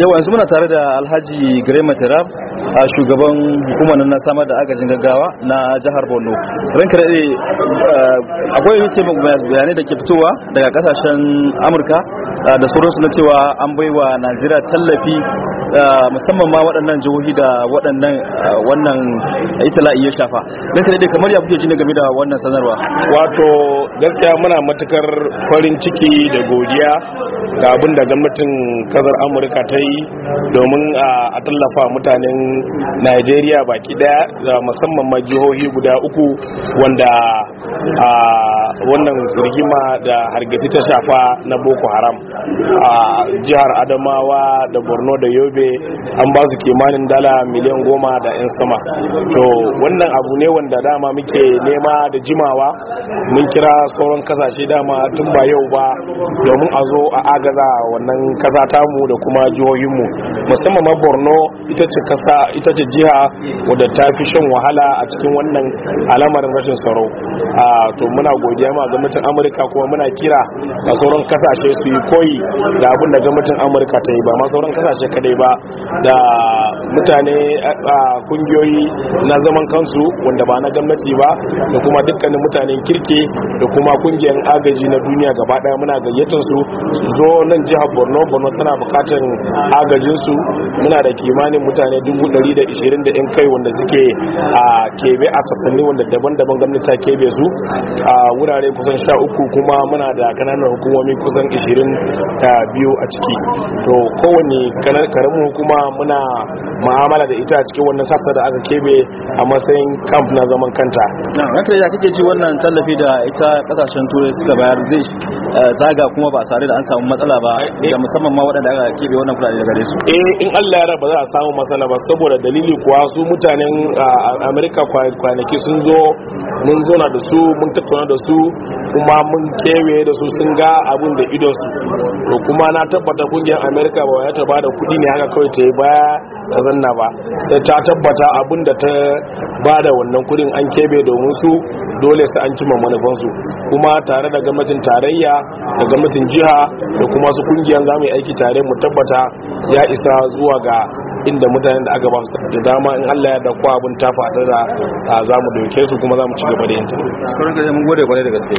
yau yanzu muna tare da alhaji gare matarab a shugaban hukumar na samar da agajin gaggawa na jihar borno ranka daɗe eh, akwai yake bayanai da ke fitowa daga kasashen amurka eh, da sauransu na cewa an baiwa najeriya tallafi musamman ma waɗannan jihohi da waɗannan wannan itila'i ya shafa don da kamar ya kuke jini game da wannan sanarwa wato gaskiya muna matukar farin ciki da godiya ga abin da gwamnatin kasar amurka ta yi domin a tallafa mutanen najeriya baki daya musamman ma jihohi guda uku wanda wannan rigima da hargitsi ta shafa na boko haram a jihar adamawa da borno da yobe an ba su kimanin dala miliyan goma da 'yan sama to wannan abu ne wanda dama muke nema da jimawa mun kira sauran kasashe dama tun ba yau ba domin a zo a agaza wannan kasa mu da kuma jihohinmu musamman ma borno ita ce jiha wadda ta fi shan wahala a cikin wannan alamarin rashin tsaro to muna goge. jama'a gwamnatin amurka kuma muna kira da sauran kasashe su yi koyi da abin da gwamnatin amurka ta yi ba ma sauran kasashe kadai ba da mutane a kungiyoyi na zaman kansu wanda ba na gwamnati ba da kuma dukkanin mutanen kirki da kuma kungiyar agaji na duniya gaba daya muna gayyatar su zo nan jihar borno borno tana bukatar agajinsu muna da kimanin mutane 120 da 'yan kai wanda suke a kebe a sassanin wanda daban-daban gwamnati ta kebe su a wurare kusan sha uku kuma muna da kananan hukumomi kusan ishirin ta biyu a ciki to kowane karamin hukuma muna ma'amala da ita a cikin wannan sassa da aka kebe a matsayin camp na zaman kanta na ranka ya kake ci wannan tallafi da ita kasashen turai suka bayar zai eh, zaga kuma ba tare da an samu matsala ba ga musamman ma waɗanda aka kebe wannan kudade daga gare su eh in Allah ya raba za a samu matsala ba saboda dalili kuwa su mutanen ah, america kwanaki sun zo mun zauna da su mun tattauna da su kuma mun kewe da su sun ga abin da idon su to kuma na tabbata kungiyar america ba ya taba da kudi ne haka kawai ta yi baya ta zanna ba sai ta tabbata abin da ta ba da wannan kudin an kebe domin su dole su an cimma manufansu kuma tare da gwamnatin tarayya da gwamnatin jiha da kuma su kungiyar za yi aiki tare mu tabbata ya isa zuwa ga inda mutanen da aka ba su da dama in Allah ya da ko abun ta da za mu doke su kuma za mu ci gaba da yin ta. gode da gaske.